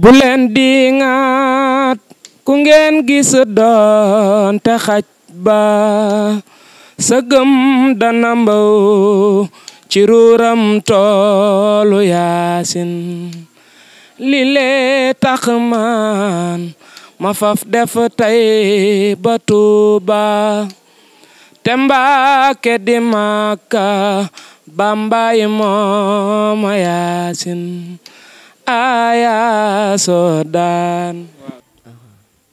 bu leen di ŋaat ku ngeen gis doon te xaj ba sëgëm dana mbaw ci ruuram toolu yaasin li lee tax maan ma faf def tey ba tuuba te mbaake di màkka bambayi mooma yaasin aaya soodaan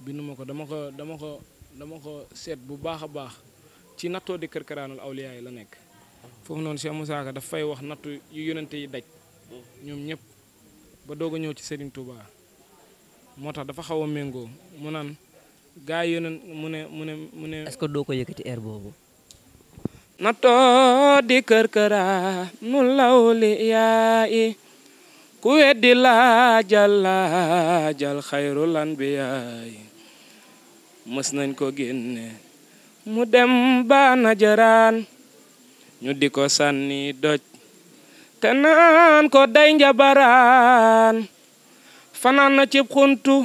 bind binduma ko dama ko dama ko dama ko seet bu baax a baax ci nattoo di kër këraanul awliyaa yi la nekk foofu noonu Cheikh Moussa Ka daf fay wax nattu yu yi daj ñoom ñëpp ba doog ñëw ci Serigne tax dafa xaw a méngoo mu naan gaa yi yonent mu ne mu ne mu ne est-ce que doo boobu ku weddi laajal laajal xayrul anbiyaay mës nañ ko génne mu dem ba najaraan ñu di ko sànni doj te naan ko day njabaraan fanaan na ci xuntu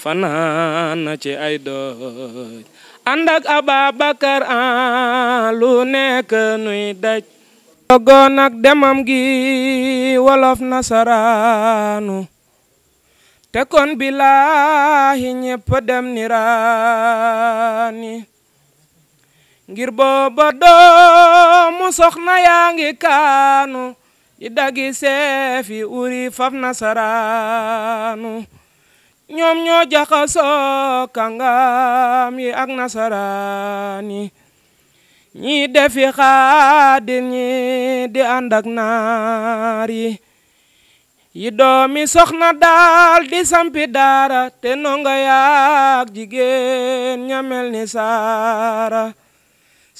fanaan na ci ay doj ànd ak Ababakar an lu nekk nuy daj dogoon ak demam gi wolof nasaraanu te kon bilaahi ñépp dem ni raani ngir doomu soxna yaa ngi kaanu di dagi seefi uri faf nasaraanu ñoom ñoo jaxasoo kàngam yi ak nasaraani ñii defi xaadir ñi di ànd naar yi yi doomi soxna daal di sampi daara te nonga yaag jigéen ñamel ni saara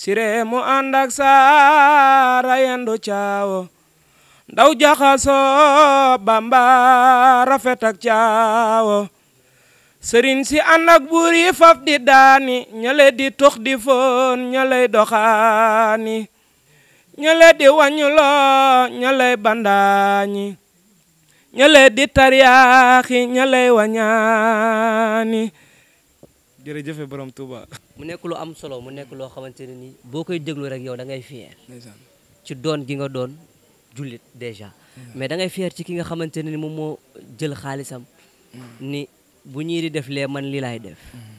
siree mu ànd ak saara yendu caawo ndaw jaxasoo bamba rafet ak caawo sëriñ si ànd ak buur yi faf di daani ñale di tux di foon ñalay doxaani ñale di wàññuloo ñalay bandaañi ñale di tariyaaxi ñalay wañaani jërëjëfe borom Touba. mu nekk lu am solo mu nekk loo xamante ne nii boo koy déglu rek yow da ngay fier ci doon gi nga doon jullit déjà mais da ngay fier ci ki nga xamante ne ni moom moo jël xaalisam mm. ni bu ñii di def lee man lii laay def mm-hmm.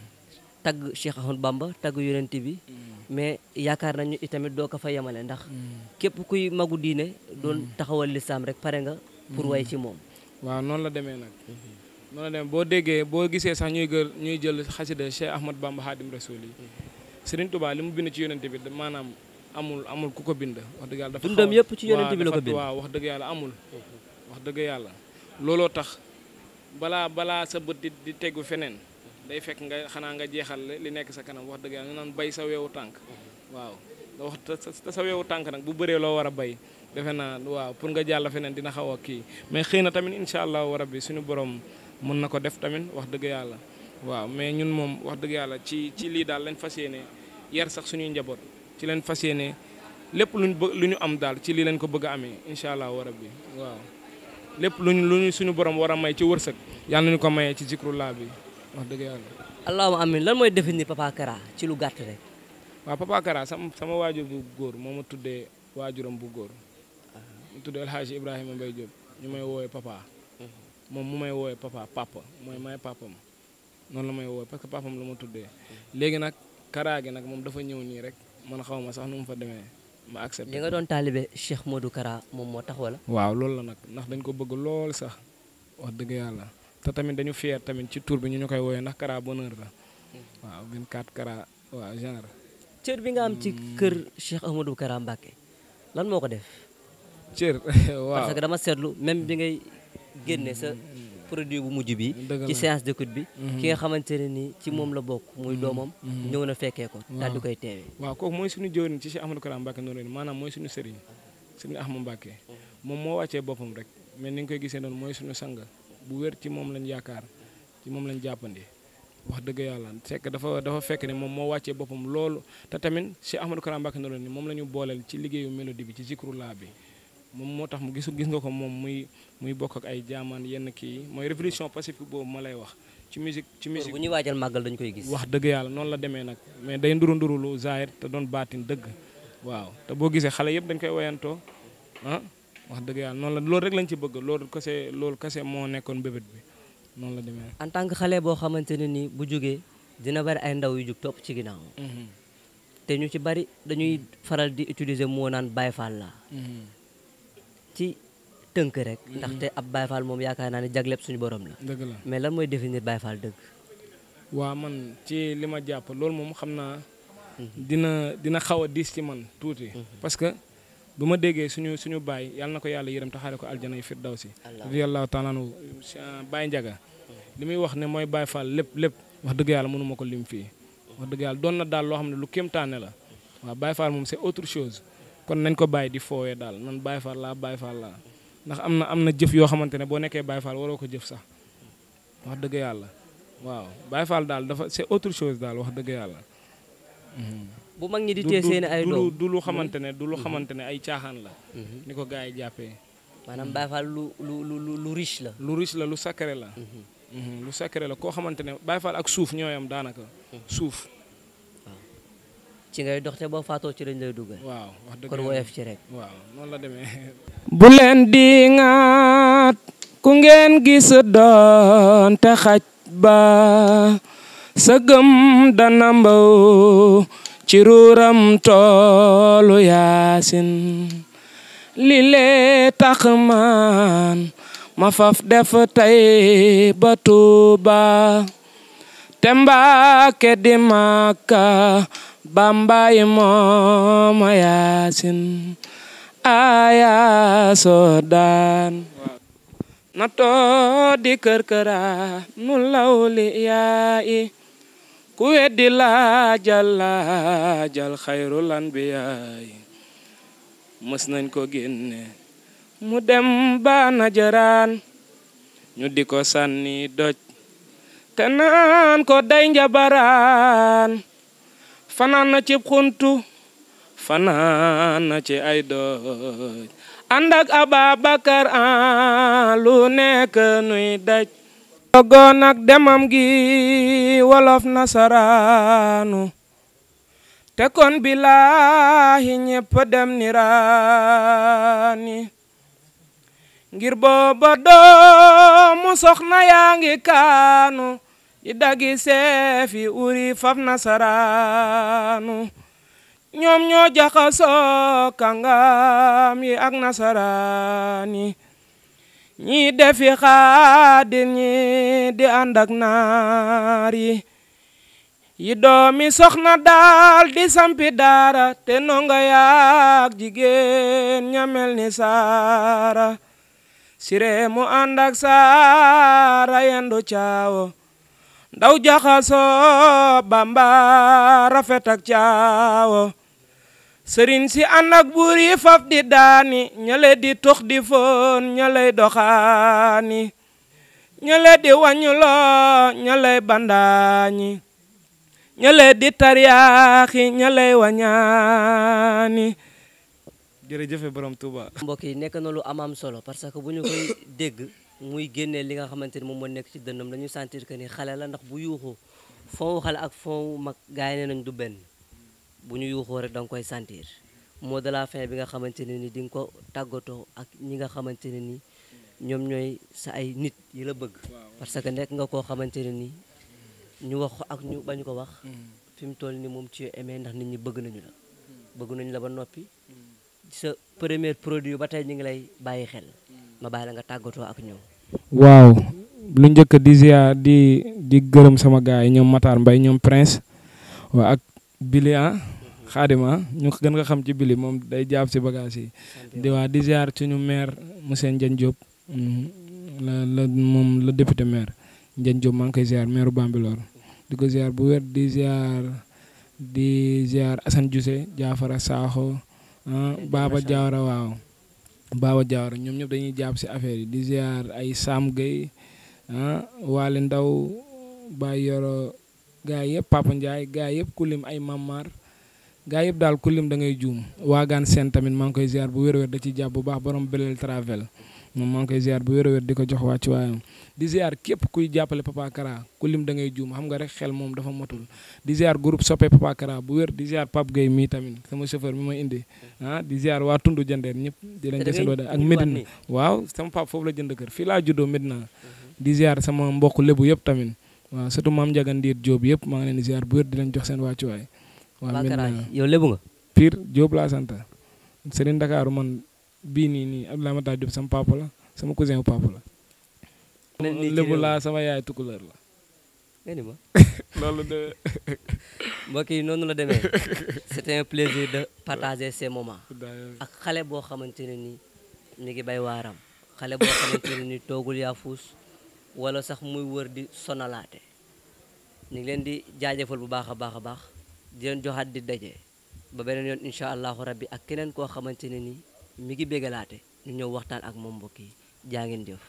tagg Cheikh Ahmadou Bamba tagg yonent bi mm-hmm. mais yaakaar nañu itamit doo ko fa yemale ndax mm-hmm. képp kuy magu diine doon taxawal li lislaam rek pare nga pour way ci moom waaw noonu la demee nag noonu la demee boo déggee boo gisee sax ñuy gër ñuy jël xasida Cheikh Ahmadou Bamba Xaadim Rasul yi Serigne Touba li mu bind ci yonent bi maanaam amul amul ku ko bind wax dëgg yàlla dafa dundam yëpp ci yonent bi la ko bind waaw wax dëgg yàlla amul wax dëgg yàlla looloo tax balaa balaa sa bët di di tegu feneen day fekk nga xanaa nga jeexal li nekk sa kanam wax dëgg yàlla ñu naan bay sa weewu tànk mhm. waaw wax sa weewu tànk nag bu bëree loo war a bay defe naa waaw pour nga jàll feneen dina xaw a kii mais xëy na tamit incha allah bi suñu borom mën na ko def tamit wax dëgg yàlla waaw mais ñun moom wax dëgg yàlla ci ci lii daal lañ fas yéene yar sax suñuy njaboot ci leen fas yéene lépp luñ bë lu ñu am daal ci lii lañ ko bëgg a amee incha allah rabbi waaw. lépp lu luñu suñu borom war a may ci wërsëg yàlla nañu ko may ci zikrullah bi wax dëgg yàlla. allahumma amin lan mooy définir Papa Kara ci lu gàtt rek. waaw Papa Kara sama sama waajur bu góor moo ma tuddee waajuram bu góor ah. mu tuddee El Hadj Ibrahima Mbaye Diop ñu may woowee papa mhm. moom mu may woowee papa papa mooy may papam noonu la may woowee parce que papam la ma tuddee mhm. léegi nag Kara gi nag moom dafa ñëw nii rek man xaw ma sax nu mu fa demee. ma accepté li nga doon taalibe Cheikh Modou Kara moom moo tax wala. waaw loolu la nag ndax dañ ko bëgg lool sax wax dëgg yàlla te tamit dañu fier tamit ci tuur bi ñu ñu koy woowee ndax Kara bonheur la hmm. waaw 24 Kara waaw bi nga am ci hmm. kër Cheikh Ahmadou Kara Mbacké lan moo ko def. cër waaw parce produit bu mujj bi ci séance d'écoute bi mhm. ki nga xamante ne ci moom la bokk muy mhm. doomam mhm. ñëw na fekkee ko daal di koy teewee waaw kooku mooy suñu jëwriñ ci Cheikh Ahmadou Karam Mbacke noonu maanaam moo wàccee boppam ni nga koy gisee noonu mooy suñu sang bu wér ci moom lañ yaakaar ci moom lañ jàppandi wax dëgg yàlla fekk dafa dafa fekk moo wàccee boppam loolu te tamit Cheikh la ñu booleel ci liggéeyu mélodie bi ci zikrullah bi moom moo tax mu gisu gis nga ko moom muy muy bokk ak ay jaamaan yenn kii mooy révolution pacifique boobu ma lay wax ci musique ci musique bu ñuy waajal màggal dañ koy gis wax dëgg yàlla noonu la demee nag mais day nduru nduru lu zaahir te doon baatin dëgg waaw te boo gisee xale yëpp dañ koy woyantoo ah wax dëgg yàlla noon la loolu rek lañ ci bëgg loolu kese loolu kese moo nekkoon bébét bi noonu la demee en tant que xale boo xamante ne ni bu jógee dina bari ay ndaw yu jug topp ci ginaaw mhm. te ñu ci bari dañuy faral di utiliser moo naan Baye ci tënk rek. Mm-hmm. ndaxte ab Baye Fall moom yaakaar naa ne jagleb suñu borom la. dëgg la mais lan mooy définir Baye Fall dëgg. waaw man ci li ma jàpp loolu moom xam naa. Mm-hmm. dina dina xaw a diis ci man tuuti. Mm-hmm. parce que bu ma déggee suñu suñu baay yàlla na ko yàlla yërëm taxaare ko aljana yi firdawsi. radiyallahu taala anhu Baye Ndiaga. li muy wax ne mooy Baye Fall lépp lépp wax dëgg yàlla mënuma ko lim fii. wax dëgg yàlla doon na daal loo xam ne lu kéemtaane la. waaw Baye Fall moom c'est autre kon nañ ko bàyyi di foowee daal man Baye Fall laa Baye Fall laa ndax am na am na jëf yoo xamante ne boo nekkee Baye Fall waroo ko jëf sax wax dëgg yàlla waaw Baye daal dafa c'est autre daal wax dëgg yàlla. Mhm. bu mag ñi di téye seen ay doom du lu xamante mhm. ne du lu mhm. xamante ne ay caaxaan la. ni ko gaa yi jàppee. maanaam Baye Fall lu lu lu lu riche la. lu riche la lu sacré la. lu sacré la koo xamante ne Baye ak suuf ñooyam daanaka. suuf. ci ci lañ lay dugal. waaw wax dëgg kon woyof ci rek. waaw noonu la demee. bu leen di ŋaat ku ngeen gis doon te xaj ba sa gëm dana mbaw ci ruuram toolu yaasin li tax maan ma faf def tey ba Tuuba te Mbaake di Makka bambayi moom yaasin aya soodaan natoo di kërkëra nu lawli yaayi ku weddi laajal laajal xayrul anbiyaayi mës nañ ko génne mu dem ba najaraan ñu di ko sànni doj te naan ko day njabaraan fanaan na ci xuntu fanaan na ci ay doj ànd ak Ababakar lu nekk nuy daj dogoon ak demam gi wolof nasaraanu te kon bilaahi ñépp dem ni raani ngir booba doomu soxna yaa ngi kaanu ci daggi seefi uri faf nasaraanu ñoom ñoo jaxasoo kàngam yi ak nasaraan yi ñii defi xaadir ñi di ànd ak yi yi doomi soxna daal di sampi daara te nonga yaak jigéen ñamel ni saara siree mu ànd saara yendu caawo ndaw jaxasoo bamba rafet ak caawo sëriñ si ànd ak buur yi faf di daani ñale di tux di foon ñaley doxaani ñale di wàññuloo ñaley bandaañi ñale di tariyaaxi ñaley wañaani jërëjëfe borom Touba mbokk yi nekk na lu am am solo parce que bu ñu koy muy génnee li nga xamante ni moom moo nekk ci dënnam dañu sentir que ni xale la ndax bu yuuxoo fon xale ak fon mag gars yi nee nañ du benn bu ñu yuuxoo rek da koy sentir moo de la fin bi nga xamante ne ni di nga ko tàggatoo ak ñi nga xamante ne ni ñoom ñooy sa ay nit yi la bëgg parce que nekk nga koo xamante ne ni ñu wax ko ak ñu bañ ko wax fi mu toll nii moom ci aimé ndax nit ñi bëgg nañu la bëgg nañu la ba noppi sa premier produit yi ba tey ñu ngi lay bàyyi xel ma bàyyi la nga tàggatoo ak ñoom waaw lu njëkk di ziar di di gërëm sama gars yi ñoom Matar mbay ñoom Prince waaw ak Bili ah xaadima ñu gën nga xam ci Bili moom day jàpp si bagage yi di waa di ziar suñu maire monsieur Ndiagne Diop mm, la la moom la député maire Ndiagne Diop maa ngi koy ziar maire Bambilor di ko ziar bu wér di ziar di ziar Assane Diousé Diafara Sakho ah, Baba Diawara waaw Baba Diawara ñoom ñëpp dañuy jàpp si affaire yi di ziar ay Sam Gueye ah Waly Ndaw Baye Yoro gaa yëpp Papa njaay gaa yëpp kulim ay Mamar gaa yëpp daal kulim da juum waagaan seen tamit maa ngi koy ziar bu wér-wér da ci jàpp bu baax borom Belel Travel. moom maa ngi koy ziar bu wér a wér di ko jox wàcc waayam di ziar képp kuy jàppale Papa Kara ku lim da ngay juum xam nga rek xel moom dafa motul di ziar groupe soppe Papa Kara bu wér di ziar Pape Gueye mii tamit sama chauffeur mi ma indi ah sama la jënd kër fii laa juddoo Medina di ziar sama mbokk lébu yëpp tamit waaw surtout maam Ndiaga Ndiir Diop yëpp maa ngi leen di ziar bu wér di leen jox seen wàccuwaay waaw Medina yow lébu nga Pire Diop laa sant Serigne Dakar man bii nii nii Abdoulaye Makhtar Diop sama papa la sama cousin wu papa la. lébu sama yaay tukulër la. ngeen yi noonu la demee c'était un plaisir de partager xale boo xamante ne nii ñu ngi bay waaram. xale boo toogul yaa fuus wala sax muy wër di sonalaate ñu ngi leen di jaajëfal bu baax a baax a baax di leen joxaat di daje ba beneen yoon incha allahu rabbi ak keneen koo xamante ne nii. mi ngi bégalaate lu ñëw waxtaan ak moom mbokk yi jaa ngeen jëf